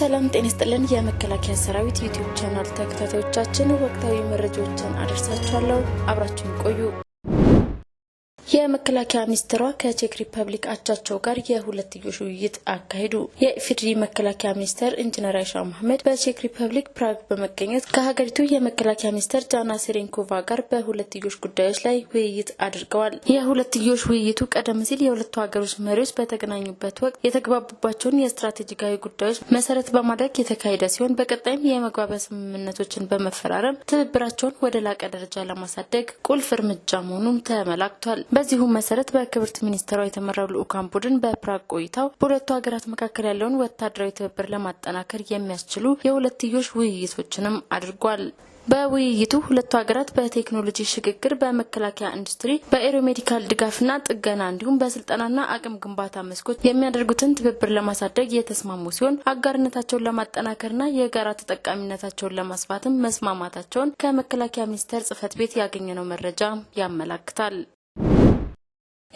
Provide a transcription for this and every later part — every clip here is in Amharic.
ሰላም ጤና ይስጥልን። የመከላከያ ሰራዊት ዩቲዩብ ቻናል ተከታታዮቻችን ወቅታዊ መረጃዎችን አደርሳችኋለሁ። አብራችሁን ቆዩ። የመከላከያ ሚኒስትሯ ከቼክ ሪፐብሊክ አቻቸው ጋር የሁለትዮሽ ውይይት አካሄዱ። የኢፌዴሪ መከላከያ ሚኒስተር ኢንጂነር አይሻ መሐመድ በቼክ ሪፐብሊክ ፕራግ በመገኘት ከሀገሪቱ የመከላከያ ሚኒስትር ጃና ሴሬንኮቫ ጋር በሁለትዮሽ ጉዳዮች ላይ ውይይት አድርገዋል። የሁለትዮሽ ውይይቱ ቀደም ሲል የሁለቱ ሀገሮች መሪዎች በተገናኙበት ወቅት የተግባቡባቸውን የስትራቴጂካዊ ጉዳዮች መሰረት በማድረግ የተካሄደ ሲሆን በቀጣይም የመግባቢያ ስምምነቶችን በመፈራረም ትብብራቸውን ወደ ላቀ ደረጃ ለማሳደግ ቁልፍ እርምጃ መሆኑም ተመላክቷል። በዚሁ መሰረት በክብርት ሚኒስትሯ የተመራው ልዑካን ቡድን በፕራግ ቆይታው በሁለቱ ሀገራት መካከል ያለውን ወታደራዊ ትብብር ለማጠናከር የሚያስችሉ የሁለትዮሽ ውይይቶችንም አድርጓል። በውይይቱ ሁለቱ ሀገራት በቴክኖሎጂ ሽግግር፣ በመከላከያ ኢንዱስትሪ፣ በኤሮሜዲካል ድጋፍና ጥገና እንዲሁም በስልጠናና አቅም ግንባታ መስኮች የሚያደርጉትን ትብብር ለማሳደግ የተስማሙ ሲሆን አጋርነታቸውን ለማጠናከርና የጋራ ተጠቃሚነታቸውን ለማስፋትም መስማማታቸውን ከመከላከያ ሚኒስቴር ጽፈት ቤት ያገኘነው መረጃ ያመላክታል።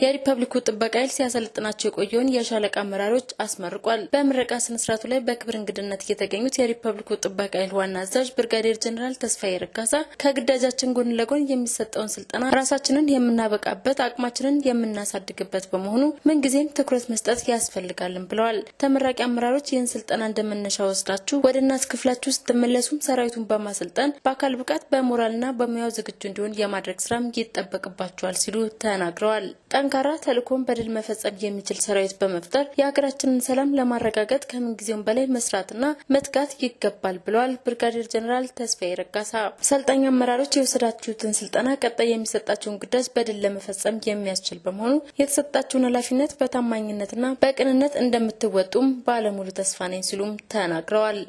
የሪፐብሊኩ ጥበቃ ኃይል ሲያሰለጥናቸው የቆየውን የሻለቃ አመራሮች አስመርቋል። በምረቃ ስነስርዓቱ ላይ በክብር እንግድነት እየተገኙት የሪፐብሊኩ ጥበቃ ኃይል ዋና አዛዥ ብርጋዴር ጀኔራል ተስፋዬ ረካሳ ከግዳጃችን ጎን ለጎን የሚሰጠውን ስልጠና ራሳችንን የምናበቃበት፣ አቅማችንን የምናሳድግበት በመሆኑ ምንጊዜም ትኩረት መስጠት ያስፈልጋልን ብለዋል። ተመራቂ አመራሮች ይህን ስልጠና እንደመነሻ ወስዳችሁ ወደ እናት ክፍላችሁ ስትመለሱም ሰራዊቱን በማሰልጠን በአካል ብቃት፣ በሞራልና በሙያው ዝግጁ እንዲሆን የማድረግ ስራም ይጠበቅባቸዋል ሲሉ ተናግረዋል። ጠንካራ ተልእኮን በድል መፈጸም የሚችል ሰራዊት በመፍጠር የሀገራችንን ሰላም ለማረጋገጥ ከምንጊዜውም በላይ መስራትና መትጋት ይገባል ብለዋል ብርጋዴር ጀኔራል ተስፋዬ ረጋሳ። ሰልጣኝ አመራሮች የወሰዳችሁትን ስልጠና ቀጣይ የሚሰጣቸውን ግዳጅ በድል ለመፈጸም የሚያስችል በመሆኑ የተሰጣችሁን ኃላፊነት በታማኝነትና በቅንነት እንደምትወጡም ባለሙሉ ተስፋ ነኝ ሲሉም ተናግረዋል።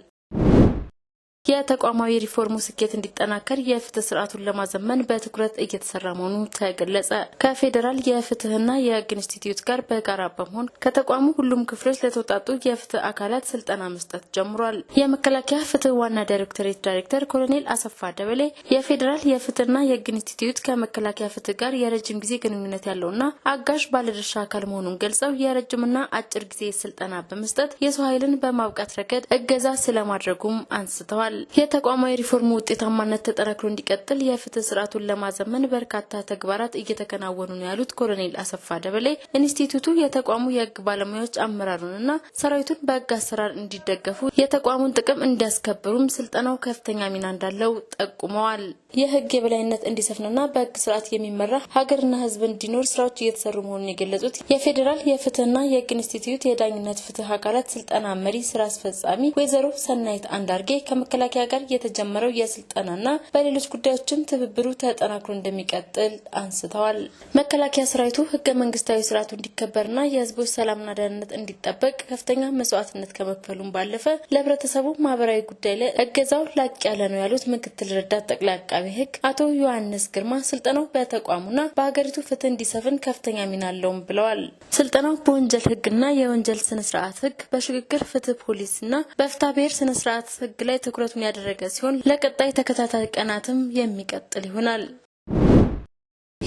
የተቋማዊ ሪፎርሙ ስኬት እንዲጠናከር የፍትህ ስርዓቱን ለማዘመን በትኩረት እየተሰራ መሆኑ ተገለጸ። ከፌዴራል የፍትህና የህግ ኢንስቲትዩት ጋር በጋራ በመሆን ከተቋሙ ሁሉም ክፍሎች ለተውጣጡ የፍትህ አካላት ስልጠና መስጠት ጀምሯል። የመከላከያ ፍትህ ዋና ዳይሬክቶሬት ዳይሬክተር ኮሎኔል አሰፋ ደበሌ የፌዴራል የፍትህና የህግ ኢንስቲትዩት ከመከላከያ ፍትህ ጋር የረጅም ጊዜ ግንኙነት ያለውና አጋዥ ባለድርሻ አካል መሆኑን ገልጸው የረጅምና አጭር ጊዜ ስልጠና በመስጠት የሰው ኃይልን በማብቃት ረገድ እገዛ ስለማድረጉም አንስተዋል። የተቋማዊ ሪፎርሙ ውጤታማነት ተጠናክሮ እንዲቀጥል የፍትህ ስርዓቱን ለማዘመን በርካታ ተግባራት እየተከናወኑ ነው ያሉት ኮሎኔል አሰፋ ደበሌ ኢንስቲትዩቱ የተቋሙ የህግ ባለሙያዎች አመራሩንና ሰራዊቱን በህግ አሰራር እንዲደገፉ የተቋሙን ጥቅም እንዲያስከብሩም ስልጠናው ከፍተኛ ሚና እንዳለው ጠቁመዋል። የህግ የበላይነት እንዲሰፍንና በህግ ስርዓት የሚመራ ሀገርና ህዝብ እንዲኖር ስራዎች እየተሰሩ መሆኑን የገለጹት የፌዴራል የፍትህና የህግ ኢንስቲትዩት የዳኝነት ፍትህ አካላት ስልጠና መሪ ስራ አስፈጻሚ ወይዘሮ ሰናይት አንዳርጌ ከመከላ ከመከላከያ ጋር የተጀመረው የስልጠናና በሌሎች ጉዳዮችም ትብብሩ ተጠናክሮ እንደሚቀጥል አንስተዋል። መከላከያ ሰራዊቱ ህገ መንግስታዊ ስርዓቱ እንዲከበርና የህዝቦች ሰላምና ደህንነት እንዲጠበቅ ከፍተኛ መስዋዕትነት ከመክፈሉም ባለፈ ለህብረተሰቡ ማህበራዊ ጉዳይ ላይ እገዛው ላቅ ያለ ነው ያሉት ምክትል ረዳት ጠቅላይ አቃቤ ህግ አቶ ዮሐንስ ግርማ ስልጠናው በተቋሙና በሀገሪቱ ፍትህ እንዲሰፍን ከፍተኛ ሚና አለውም ብለዋል። ስልጠናው በወንጀል ህግና የወንጀል ስነስርዓት ህግ፣ በሽግግር ፍትህ ፖሊስና በፍታ ብሔር ስነስርዓት ህግ ላይ ትኩረት ክትትሉን ያደረገ ሲሆን ለቀጣይ ተከታታይ ቀናትም የሚቀጥል ይሆናል።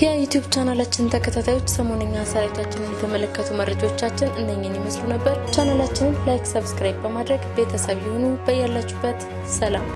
የዩቲዩብ ቻናላችን ተከታታዮች ሰሞነኛ ሰራዊታችንን የተመለከቱ መረጃዎቻችን እነኝን ይመስሉ ነበር። ቻናላችንን ላይክ፣ ሰብስክራይብ በማድረግ ቤተሰብ የሆኑ በያላችሁበት ሰላም